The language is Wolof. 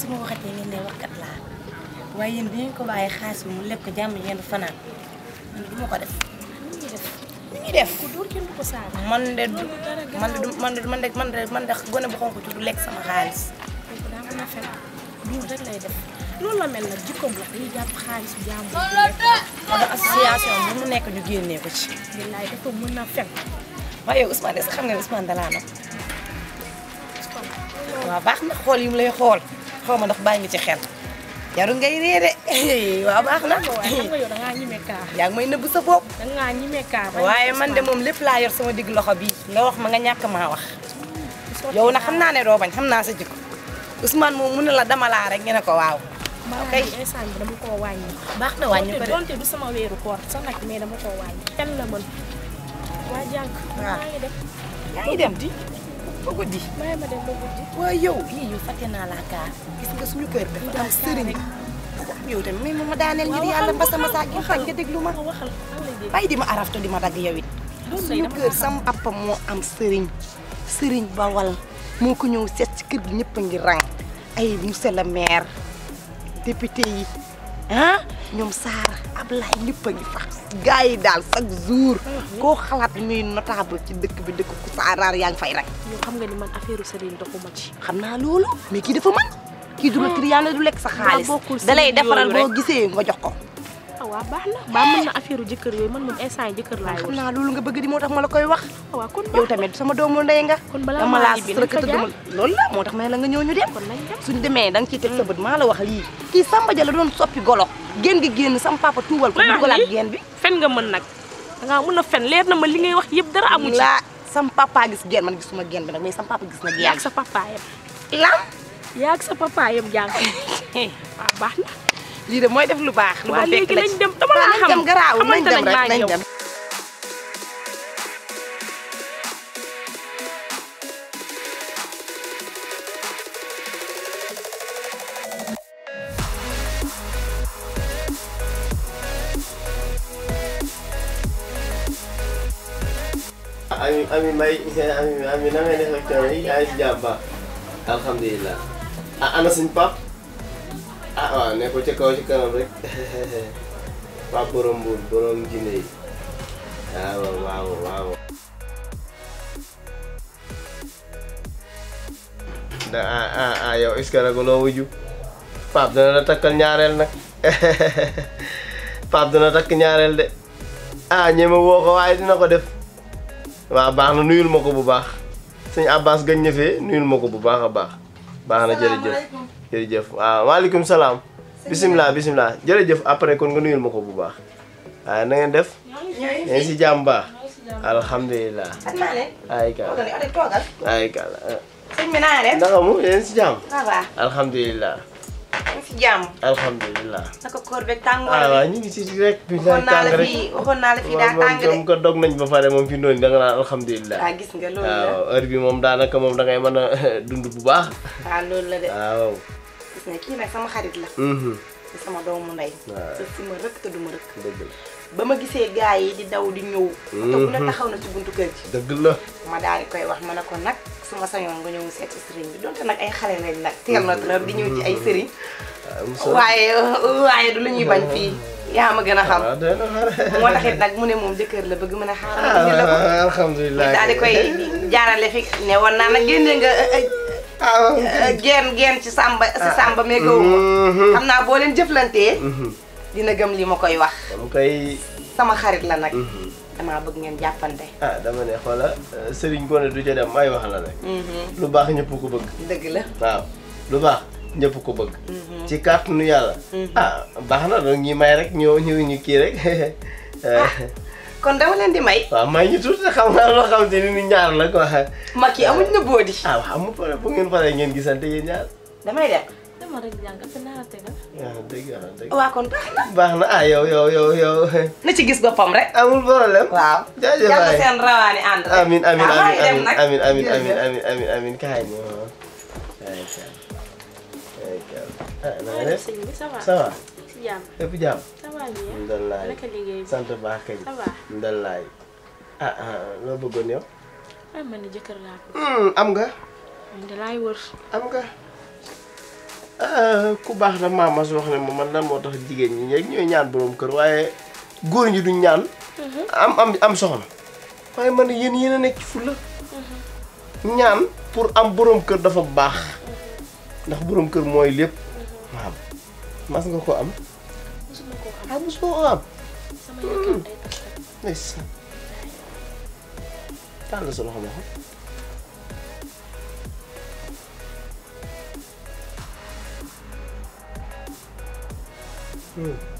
su ma waxatee ngeen ne waxkat laa waaye yéen dañu ko bàyyi xaalis bi mu lekk ko jàmm yéen fanaan man du ma ko def. ñu def man de du man de man de man de man du lekk sama xaalis. rek lay def loolu la mel nag jikkoom la dañuy mu nekk ñu génnee ko ci. billaay dafa mën na fen. waaye Ousmane est-ce xam nga ne Ousmane dalaa nag. waaw baax na xool yi mu lay xool. xaw ma ndax bàyyi nga ci xel. jarul ngay ree de waaw na. waaye nga yow da ngaa ñime sa bopp. da ngaa ñime kaa. man de moom lépp laa yor sama digg loxo bi nga wax ma nga ñàkk maa wax. yow na xam naa ne doo bañ xam naa sa jikko Ousmane moom mun na la dama laa nga ne ko waaw. ok maanaam instant bi dama koo du sama weeru koor sa nag mais dama koo wàññi. kenn la mën waa jànk. waaw yaa ngi dem. ba guddi. maa yow yii yow fàtte naa gis nga suñu kër dafa am sëriñ. yow tamit mais ma daaneel ngir yàlla mbasa mbasa gi xaj nga déglu ma. bàyyi di ma arafto di ma dagg yow suñu kër sam papa moo am sëriñ. sëriñ bawal moo ko ñëw seet ci kër gi ñëpp ngi rang ay monsieur le maire yi. ah ñoom Saara Ablaye ñëpp a fa. gars yi daal chaque jour. koo xalaat muy notable ci dëkk bi dëkk ku Saaraar yaa ngi fay rek. ñoo xam nga ni man affaire Serigne doxuma ci. xam naa loolu mais kii dafa mën. kii du hmm. la triyaane du lekk sa xaalis. da lay defaral boo gisee nga jox ko. Ah, waaw baax na baa mën na affaire jëkkër yooyu man moom instant yi jëkkër laa xam naa loolu nga bëgg di moo tax ma la koy wax ah, waaw kon yow tamit sama doomu laa sërëkëtë dama loolu la moo tax ma ne la nga ñëw ñu dem suñu demee da nga ciy teg sa mm. bët maa la wax lii kii Samba la doon soppi golo génn gi génn sama papa tuubal ko dugalaat génn bi fen nga mën nag dangaa mën fen leer na ma li ngay wax yëpp dara amu ci laa sam papa gis génn man gisuma génn bi nag mais sam gis na génn yaag sa papa yam lam yaag sa papa yam jàng waaw ah, baax na lii de mooy def lu baax. lu ma fekk la ci waaw léegi nañ dem dama laa xam nañ dem garaawul nañ dem rek nañ dem. ami ami may ami ami na ngay def ak coono yi yaa ngi si jàmm baax alhamdulilah ah ana suñu pap ah waaw ah, ne ko ca kaw ci kanam rek pa borom mbuur borom jinne yi waaw waaw waaw da ah ah, ah yow est la takkal ñaareel nag Pape dana takk ñaareel de ah ñeme woo ko waaye dina ko def waaw baax na nuyul ma ko bu baax sëñ Abbas gañ ñëfee nuyul ma ko bu baax a baax baax na jërëjëf jërëjëf waaw maaleykum salaam bisimilah bisimilah jërëjëf après kon nga nuyul ma ko bu baax waaye na def ngeen si jàmm baax alhamdulilah ay ka ay ka sëñ bi naa def si jàmm alhamdulilah si jàmm. alhamdulilah. naka koor beeg tàngoor bi waaw ah, ñu ngi si rek. waxoon naa la fii waxoon naa la fii daa tàng de moom ko dog nañ ba pare moom fi noonu da nga naan alhamdulilah. waaw ah, gis nga loolu la waaw heure bi moom daanaka moom dangay ngay mën a dund bu baax. waaw ah, loolu la de. waaw. gis nga kii nag sama xarit la. te mhm. sama doomu ndey. si ma rëkk te rëkk. dëgg la. ba ma gisee gars yi di daw di ñëw. te bu la mhm. taxaw na ci buntu kër gi. dëgg la ma daal di koy wax ma ne ko nag suma ma sañoon nga ñëw seet si sëriñ bi donte nag ay xale lañ nag teel na di ñëw ci ay sëriñ. Mhm. Ah, waaye waaye du ñuy bañ fii. yaa gën a xam ah, moo nag mu ne moom jëkkër la bëgg mën a xaaral. Ah, alhamdulilah daal koy jaarale fi ne war naa nag génne nga. Eh, eh, eh, geen geen ci sàmba ci sàmba meegawul. Mhm. xam naa boo leen jëflantee. dina gëm li ma koy wax. koy. sama xarit la nag. Mhm. damaa bëgg ngeen jàppante. ah dama ne xoola euh, Serigne du ca dem wax la rek. Mhm. lu baax ñëpp ko bëgg. dëgg la waaw lu baax ñëpp ko bëgg. Mhm. ci kàttanu yàlla. Ah, baax na doon ñi may rek ñoo ñëw ñu kii rek. Eh. Ah, kon dama leen di may. waaw may ñu tuuti xam nga loo xam te ni ni ñaar la quoi. mag yi ah, ngeen paree ngeen gisante yéen ñaar. damay dem. ma rek jàngal dinaa la tegal. waaw dëgg baax na. baax na ah yow yow yow ci gis boppam rek. amul problème. waaw jaajëf waay yàlla seen rawaani ànd. amiin amiin amiin amiin amiin amiin amiin amiin amiin kaay ñu. ah na nga def ça va. lépp jàmm. ndalaay sant baax kañ. ndalaay. ah ah loo bëggoon yow. am am nga. Euh, ku baax la maama mas wax ne ma man lan moo tax jigéen ñi ñeeg ñooy ñaan boroom kër waaye góor ñi duñ ñaan. Mm-hmm. am am am soxna. waaye man yéen yéen a nekk ci fulla mm-hmm. ñaan pour am boroom kër dafa baax. ndax boroom kër mooy lépp. Mm-hmm. maam mas nga ko am. mosuma am ah am. sama sa loxo ma xam. Mm.